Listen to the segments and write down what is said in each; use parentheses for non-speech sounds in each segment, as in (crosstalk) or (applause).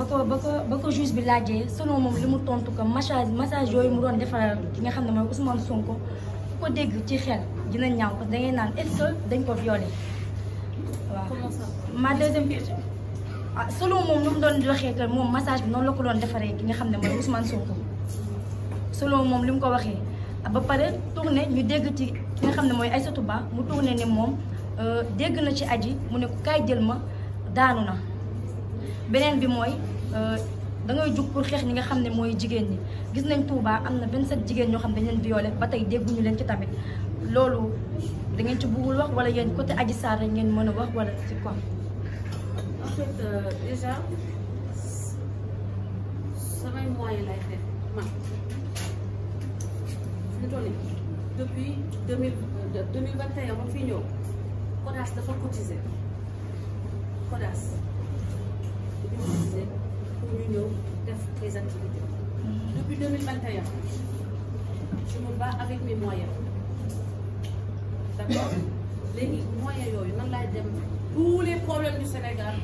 ba ko ba ko ba ko juge bi laajee selon moom li mu tontu ko massage massage yooyu mu doon defaral ki nga xam ne mooy Ousmane Sonko ko dégg ci xel dina ñaaw parce que da ngay est dañ ko violé waaw. ma deuxième question. ah selon moom massage bi la ko doon defaree ki nga xam ne mooy Ousmane Sonko moom li mu ko waxee ba pare tourné ñu dégg ci ki nga xam ne mooy Aïssatou Ba mu tourné ne moom euh, dégg na ci aji mu ne ko kaay jël ma daanu na beneen bi mooy. Euh, da ngay jug pour xeex ñi nga xam ne mooy jigéen ñi gis nañ Touba am na 27 jigéen ñoo xam dañ leen violé ba tey dégguñu leen ci tamit loolu da ngeen ci buggul wax wala yéen côté Adji Sarr rek ngeen mën a wax wala ci quoi. en fait euh, déjà samay moyens lay xeex man fi mu toll depuis deux mille euh, deux mille vingt et un ba fii ñëw CODAS dafa cotiser CODAS De toutes les activités. Mhm. depuis 2021 je me bats avec mes moyens d'accord Les (coughs) moyens pour les problèmes du Sénégal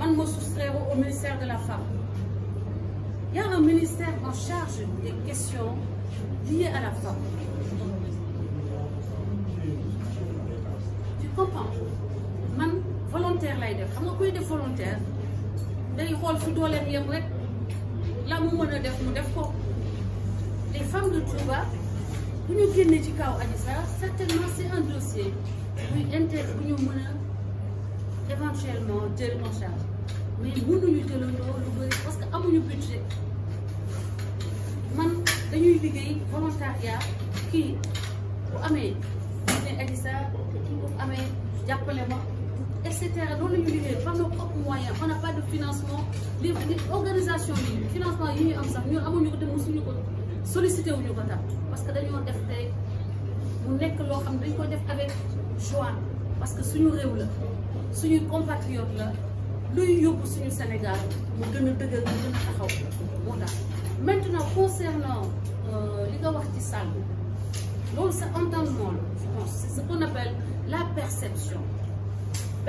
je me soustraire au ministère de la femme il y a un ministère en charge des questions liées à la femme tu comprends suis volontaire Je def volontaire day xol fu dolem yem rek la mu meuna def mu def ko les femmes de Touba bu ñu génné ci kaw adissa certainement c'est un dossier bu inter bu ñu meuna éventuellement jël en charge mais mënuñu jëlandoo lu bari parce que amuñu budget man dañuy liggéey volontariat kii bu amee ñu ne Adji Sarr kii bu amee jàppale ma etc. Nous, la nous, par nos propres moyens on n'a pas de financement les organisations, financement nous avons am sax ñun amuñu ko te mosuñu ko sollicité wuñu parce que nous def tey mu nekk loo xam dañ ko avec joie parce que suñu réew la Nous compatriote compatriotes. Nous sommes suñu Sénégal mu gën Nous dëgër taxaw maintenant concernant euh, li nga wax ci sàll entendement je pense c'est ce qu'on appelle la perception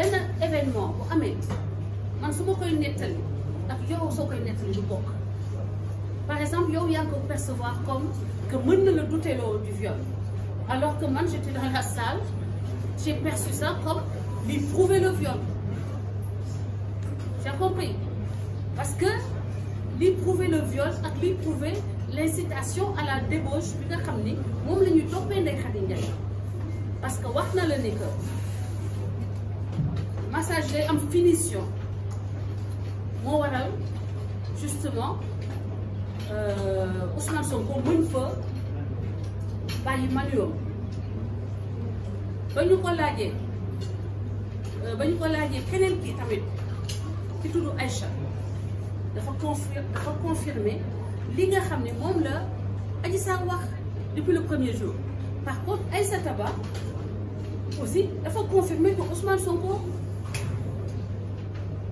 un événement bu amee man suma koy netal ak yow soo y du bok par exemple yow yaa ko percevoir comme que meun na la lo du viol alors que man j'étais dans la salle j'ai perçu ça comme lui prouver le viol j'ai compris parce que lui prouver le viol ak lui prouver l'incitation à la débauche bi nga xamni mom lañu la ñu xadi Ndeye parce que wax na la ni que massage day am finition moo waral justement euh, Ousmane Sonko mën fa bàyyi manuyoom ba ñu ko laajee euh, ba ñu ko laajee keneen ki tamit ci tuddu Aïcha confirmer, confir dafa confirmer li nga xam ne la Adji wax depuis le premier jour par contre Aïssata Ba aussi faut confirmer que Ousmane Sonko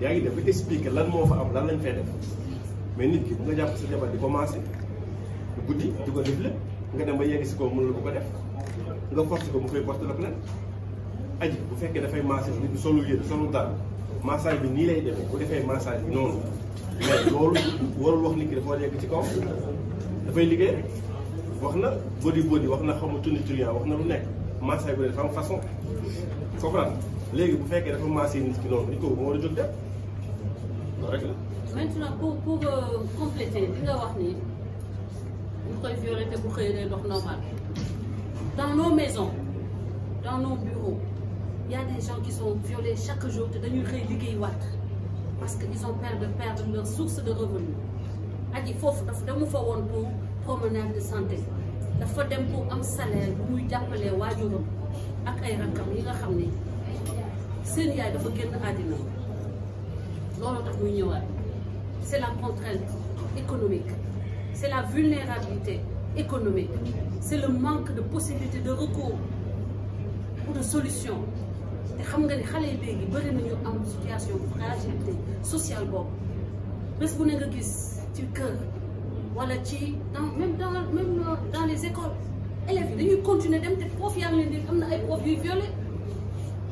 yaa ngi def ba expliquer lan moo fa am lan lañ fay def mais nit ki bu nga jàpp sa jabar di commencé guddi di ko def nga dem ba yegg si ko mënul ko ko def nga forcé ko mu koy porté la plainte aji bu fekkee dafay massage bi solu yéen solu daal massage bi nii lay demee bu defee massage bi noonu mais loolu warul wax nit ki dafa ci kaw dafay liggéey wax na body body wax na xamu tundi turiant wax na lu nekk massage bi dafa am façon comprendre léegi bu fekkee dafa massé nit ki noonu nit ko ba war a def maintenant pour euh, compléter nous avons wax ni dans nos maisons dans nos bureaux il y a des gens qui sont violés chaque jour de parce qu'ils ont peur de perdre leur source de revenus. Il faut pour promenade de santé dem pour un salaire appeler Hein. C'est la contrainte économique c'est la vulnérabilité économique c'est le manque de possibilités de recours ou de solutions. te xam nga ne xale yi léegi bëri am situation fragilité sociale boobu bés ne nga gis ci même dans les écoles. les élèves continuent dañuy continuer dem te et de ngi leen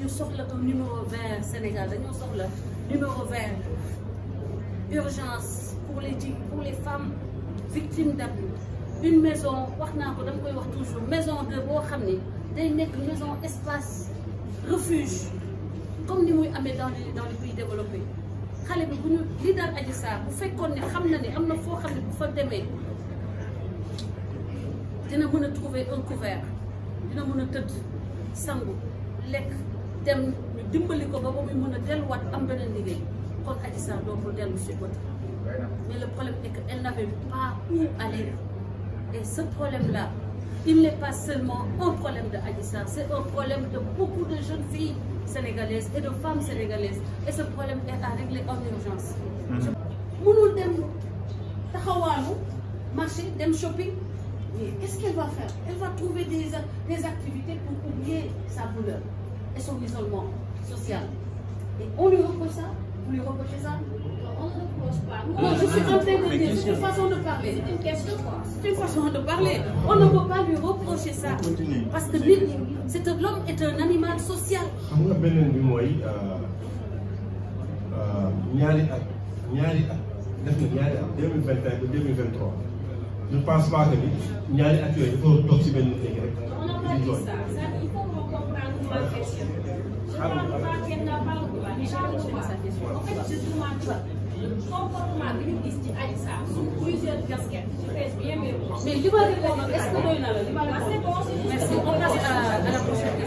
Nous sommes le numéro vert Sénégal le numéro 20. urgence pour les femmes victimes d'abus une maison wax ko toujours maison de bo maison espace refuge comme nous muy dans les pays développés xalé bi bu ne trouver un couvert dina dem am mais le problème est qu'elle n'avait pas où aller et ce problème là il n'est pas seulement un problème de c'est un problème de beaucoup de jeunes filles sénégalaises et de femmes sénégalaises et ce problème est à régler en urgence mënul dem taxawanu marché dem shopping qu'est-ce qu'elle va faire elle va trouver des des activités pour douleur et son isolement social. Et on lui reproche ça Vous lui reprochez ça on ne reproche pas. Non, je suis en train de dire, c'est une façon de parler. C'est une question, quoi. C'est une façon de parler. On ne peut pas lui reprocher ça. Parce que l'homme est un animal social. Euh, euh, def na ñaari mois un en pense pas que ñaari at yooyu dafa toog si benn rek. comportement bi ñu gis ci Adji Sarr sous plusieurs casquettes je pèse bien mes mots mais li ma leen wax est-ce que doy na la li ma leen wax merci on passe à la prochaine